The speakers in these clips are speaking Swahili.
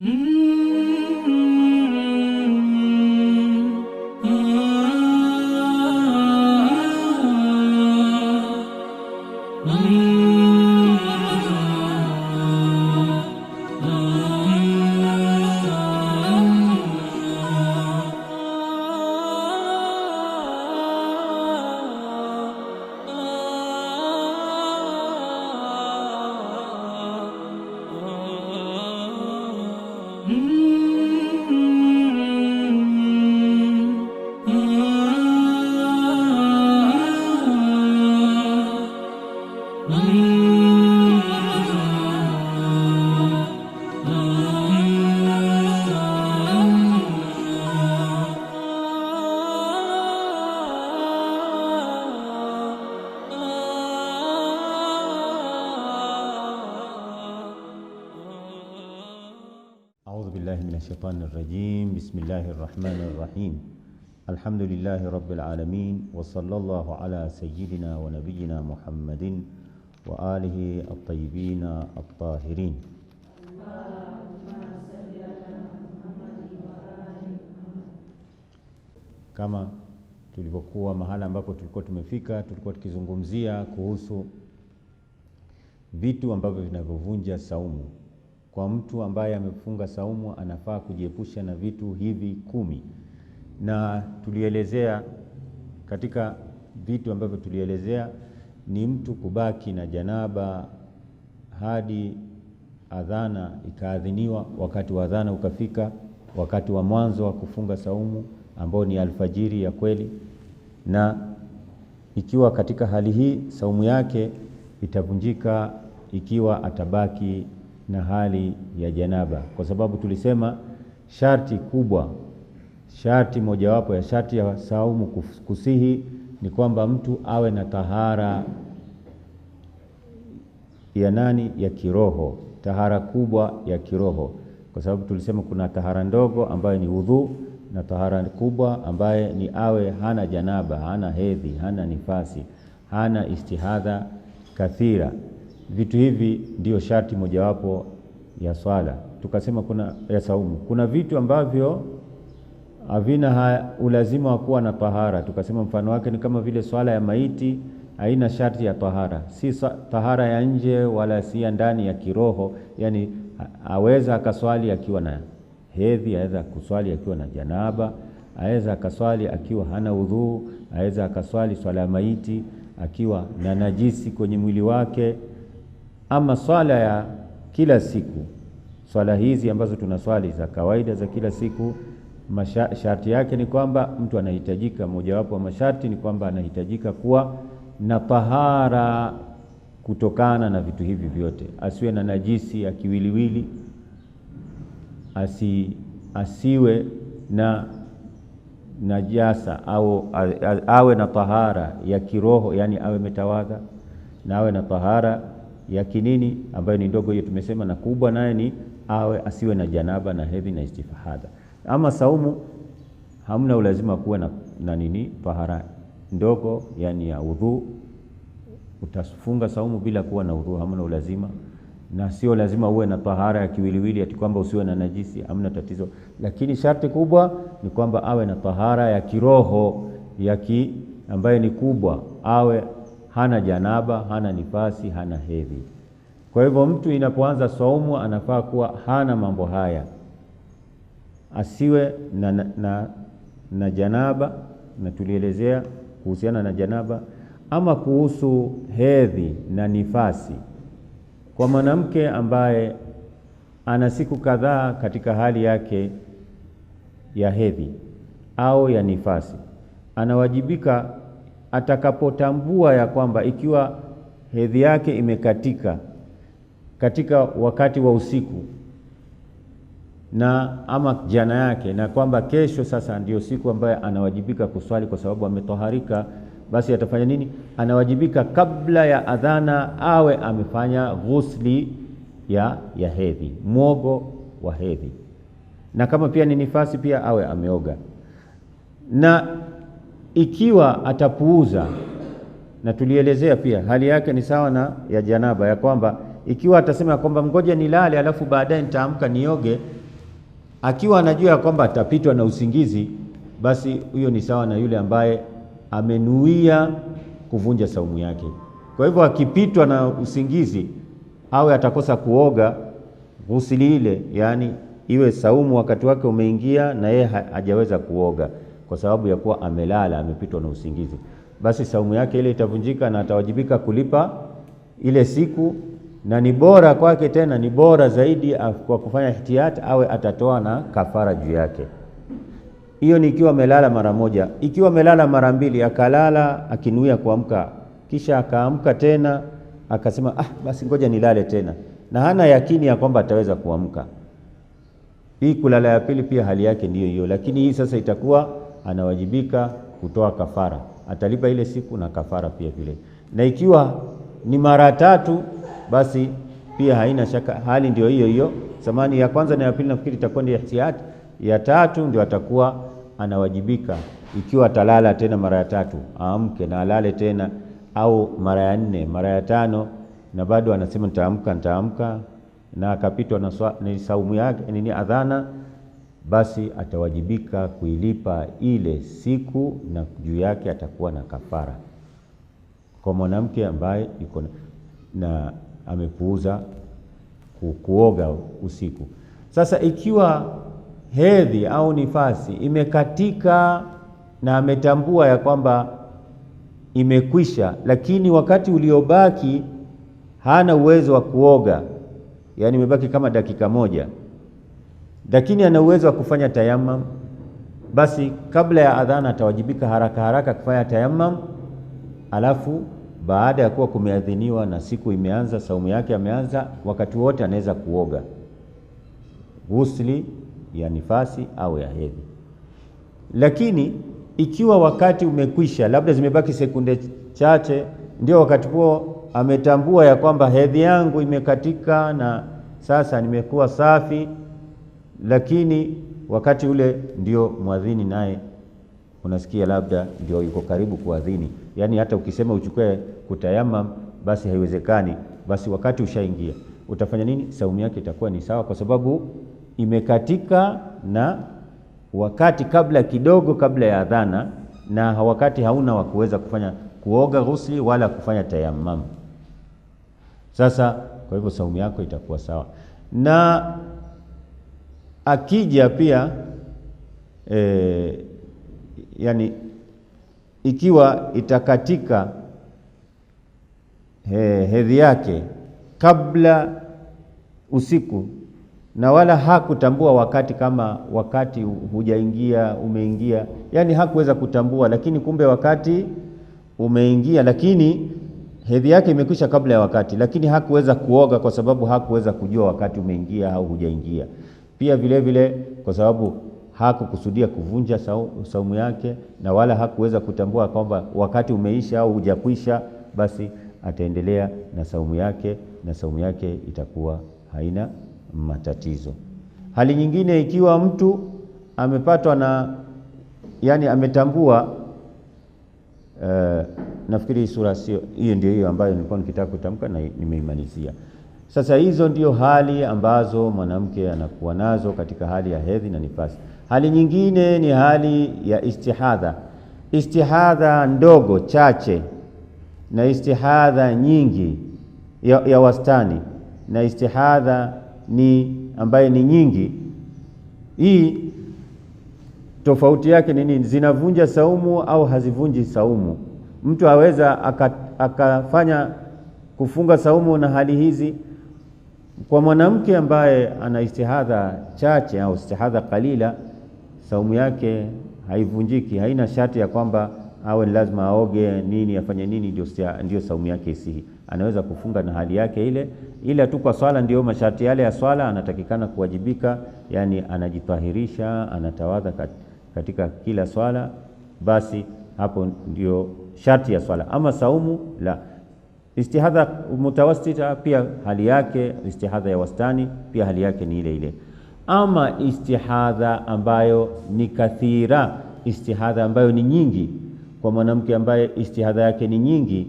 Mm. الشيطان الرجيم بسم الله الرحمن الرحيم الحمد لله رب العالمين وصلى الله على سيدنا ونبينا محمد وآله الطيبين الطاهرين kama tulivyokuwa mahala ambapo tulikuwa tumefika, tulikuwa tukizungumzia كوسو vitu ambavyo vinavyovunja saumu kwa mtu ambaye amefunga saumu anafaa kujiepusha na vitu hivi kumi, na tulielezea katika vitu ambavyo tulielezea ni mtu kubaki na janaba hadi adhana ikaadhiniwa. Wakati wa adhana ukafika, wakati wa mwanzo wa kufunga saumu ambao ni alfajiri ya kweli, na ikiwa katika hali hii saumu yake itavunjika ikiwa atabaki na hali ya janaba, kwa sababu tulisema sharti kubwa, sharti mojawapo ya sharti ya saumu kusihi ni kwamba mtu awe na tahara ya nani? Ya kiroho, tahara kubwa ya kiroho, kwa sababu tulisema kuna tahara ndogo ambayo ni wudhu na tahara kubwa ambaye ni awe hana janaba, hana hedhi, hana nifasi, hana istihadha kathira. Vitu hivi ndio sharti mojawapo ya swala, tukasema kuna ya saumu. Kuna vitu ambavyo havina ulazima wa kuwa na tahara, tukasema mfano wake ni kama vile swala ya maiti haina sharti ya tahara, si tahara ya nje wala si ya ndani, ya kiroho. Yani aweza akaswali akiwa na hedhi, aweza kuswali akiwa na janaba, aweza akaswali akiwa hana udhu, aweza akaswali swala ya maiti akiwa na najisi kwenye mwili wake. Ama swala ya kila siku, swala hizi ambazo tunaswali za kawaida za kila siku, masharti yake ni kwamba mtu anahitajika, mojawapo wa masharti ni kwamba anahitajika kuwa na tahara kutokana na vitu hivi vyote, asiwe na najisi ya kiwiliwili, asi, asiwe na najasa au awe na tahara ya kiroho, yani awe metawadha na awe na tahara ya kinini ambayo ni ndogo, hiyo tumesema, na kubwa naye ni awe asiwe na janaba na hedhi na istifahadha. Ama saumu hamna ulazima kuwa na, na nini tahara ndogo, yani ya udhu. Utafunga saumu bila kuwa na udhu, hamna ulazima na sio lazima uwe na tahara ya kiwiliwili ati kwamba usiwe na najisi, hamna tatizo, lakini sharti kubwa ni kwamba awe na tahara ya kiroho ya ki ambayo ni kubwa, awe hana janaba, hana nifasi, hana hedhi. Kwa hivyo mtu inapoanza saumu anafaa kuwa hana mambo haya, asiwe na, na, na, na janaba, na tulielezea kuhusiana na janaba. Ama kuhusu hedhi na nifasi, kwa mwanamke ambaye ana siku kadhaa katika hali yake ya hedhi au ya nifasi, anawajibika atakapotambua ya kwamba ikiwa hedhi yake imekatika katika wakati wa usiku na ama jana yake, na kwamba kesho sasa ndio siku ambayo anawajibika kuswali kwa sababu ametoharika, basi atafanya nini? Anawajibika kabla ya adhana awe amefanya ghusli ya, ya hedhi, mwogo wa hedhi, na kama pia ni nifasi pia awe ameoga na ikiwa atapuuza, na tulielezea pia hali yake ni sawa na ya janaba, ya kwamba ikiwa atasema kwamba ngoja nilale, alafu baadaye nitaamka nioge, akiwa anajua ya kwamba atapitwa na usingizi, basi huyo ni sawa na yule ambaye amenuia kuvunja saumu yake. Kwa hivyo akipitwa na usingizi awe atakosa kuoga ghusili ile, yaani iwe saumu wakati wake umeingia na yeye hajaweza kuoga kwa sababu ya kuwa amelala, amepitwa na usingizi, basi saumu yake ile itavunjika na atawajibika kulipa ile siku, na ni bora kwake, tena ni bora zaidi kwa kufanya ihtiyat, awe atatoa na kafara juu yake. Hiyo ni ikiwa amelala mara moja. Ikiwa amelala mara mbili, akalala akinuia kuamka, kisha akaamka tena akasema ah, basi ngoja nilale tena, na hana yakini ya kwamba ataweza kuamka. Hii kulala ya pili pia hali yake ndiyo hiyo, lakini hii sasa itakuwa anawajibika kutoa kafara, atalipa ile siku na kafara pia vile, na ikiwa ni mara tatu basi pia haina shaka, hali ndio hiyo hiyo. Thamani ya kwanza na ya pili nafikiri itakuwa ni ihtiyat, ya tatu ndio atakuwa anawajibika ikiwa atalala tena mara ya tatu, aamke na alale tena, au mara ya nne, mara ya tano, na bado anasema nitaamka, nitaamka, na akapitwa na, na saumu yake nini adhana basi atawajibika kuilipa ile siku na juu yake atakuwa na kafara. Kwa mwanamke ambaye yuko na amepuuza kuoga usiku. Sasa ikiwa hedhi au nifasi imekatika na ametambua ya kwamba imekwisha, lakini wakati uliobaki hana uwezo wa kuoga, yaani imebaki kama dakika moja lakini ana uwezo wa kufanya tayamam, basi kabla ya adhana atawajibika haraka haraka kufanya tayamam, alafu baada ya kuwa kumeadhiniwa na siku imeanza, saumu yake ameanza, wakati wote anaweza kuoga ghusli ya nifasi au ya hedhi. Lakini ikiwa wakati umekwisha, labda zimebaki sekunde chache, ndio wakati huo ametambua ya kwamba hedhi yangu imekatika na sasa nimekuwa safi lakini wakati ule ndio mwadhini naye unasikia labda ndio yuko karibu kuadhini, yaani hata ukisema uchukue kutayamam basi haiwezekani. Basi wakati ushaingia utafanya nini? Saumu yake itakuwa ni sawa, kwa sababu imekatika na wakati kabla kidogo kabla ya adhana, na wakati hauna wa kuweza kufanya kuoga ghusli wala kufanya tayamam. Sasa kwa hivyo saumu yako itakuwa sawa na akija pia e, yani ikiwa itakatika he, hedhi yake kabla usiku na wala hakutambua wakati kama wakati hujaingia umeingia, yani hakuweza kutambua, lakini kumbe wakati umeingia, lakini hedhi yake imekwisha kabla ya wakati, lakini hakuweza kuoga kwa sababu hakuweza kujua wakati umeingia au hujaingia. Pia vilevile vile, kwa sababu hakukusudia kuvunja saumu yake na wala hakuweza kutambua kwamba wakati umeisha au hujakwisha, basi ataendelea na saumu yake na saumu yake itakuwa haina matatizo. Hali nyingine, ikiwa mtu amepatwa na yani ametambua uh, nafikiri sura sio hiyo, ndio hiyo ambayo nilikuwa nikitaka kutamka na nimeimalizia. Sasa hizo ndio hali ambazo mwanamke anakuwa nazo katika hali ya hedhi na nifasi. Hali nyingine ni hali ya istihadha, istihadha ndogo chache na istihadha nyingi ya, ya wastani na istihadha ni ambaye ni nyingi. Hii tofauti yake ni nini? Zinavunja saumu au hazivunji saumu? Mtu aweza akafanya aka kufunga saumu na hali hizi kwa mwanamke ambaye ana istihadha chache au istihadha kalila, saumu yake haivunjiki, haina sharti ya kwamba awe lazima aoge nini afanye nini ndio, ndio saumu yake isihi. Anaweza kufunga na hali yake ile, ila tu kwa swala ndio masharti yale ya swala anatakikana kuwajibika, yani anajitahirisha, anatawadha katika kila swala, basi hapo ndio sharti ya swala. Ama saumu la Istihadha mutawassita pia hali yake, istihadha ya wastani pia hali yake ni ile ile. Ama istihadha ambayo ni kathira, istihadha ambayo ni nyingi, kwa mwanamke ambaye istihadha yake ni nyingi,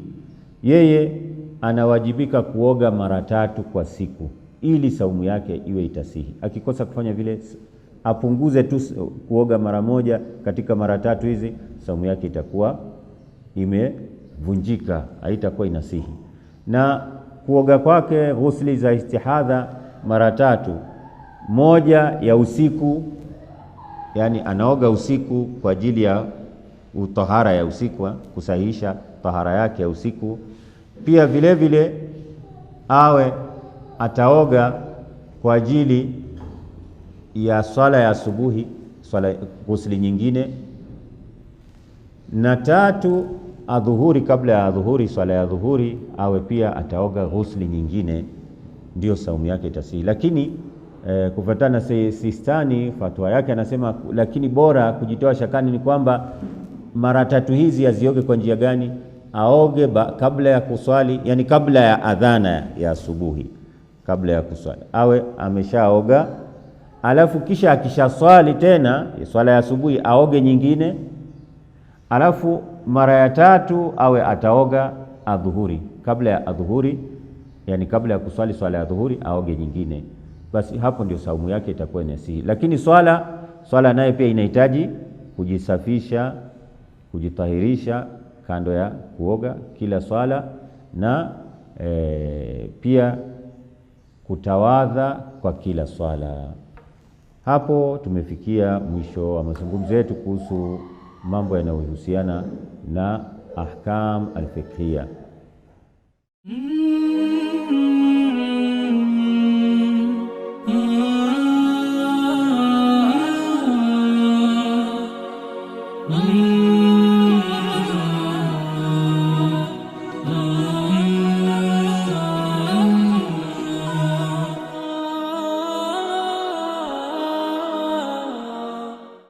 yeye anawajibika kuoga mara tatu kwa siku ili saumu yake iwe itasihi. Akikosa kufanya vile, apunguze tu kuoga mara moja katika mara tatu hizi, saumu yake itakuwa ime vunjika, haitakuwa inasihi. Na kuoga kwake ghusli za istihadha mara tatu, moja ya usiku, yani anaoga usiku kwa ajili ya utahara ya usiku, eh, kusahihisha tahara yake ya usiku. Pia vile vile awe ataoga kwa ajili ya swala ya asubuhi, swala ghusli nyingine. Na tatu adhuhuri, kabla ya adhuhuri, swala ya adhuhuri, awe pia ataoga ghusli nyingine, ndio saumu yake itasihi. Lakini eh, kufuatana na Sistani fatwa yake anasema, lakini bora kujitoa shakani ni kwamba mara tatu hizi azioge kwa njia gani? Aoge ba, kabla ya kuswali, yani kabla ya adhana ya asubuhi, kabla ya kuswali awe ameshaoga, alafu kisha akishaswali tena swala ya asubuhi aoge nyingine alafu mara ya tatu awe ataoga adhuhuri, kabla ya adhuhuri, yani kabla ya kuswali swala ya adhuhuri aoge nyingine, basi hapo ndio saumu yake itakuwa inasihi. Lakini swala swala naye pia inahitaji kujisafisha, kujitahirisha kando ya kuoga kila swala na e, pia kutawadha kwa kila swala. Hapo tumefikia mwisho wa mazungumzo yetu kuhusu mambo yanayohusiana na ahkam alfiqhia.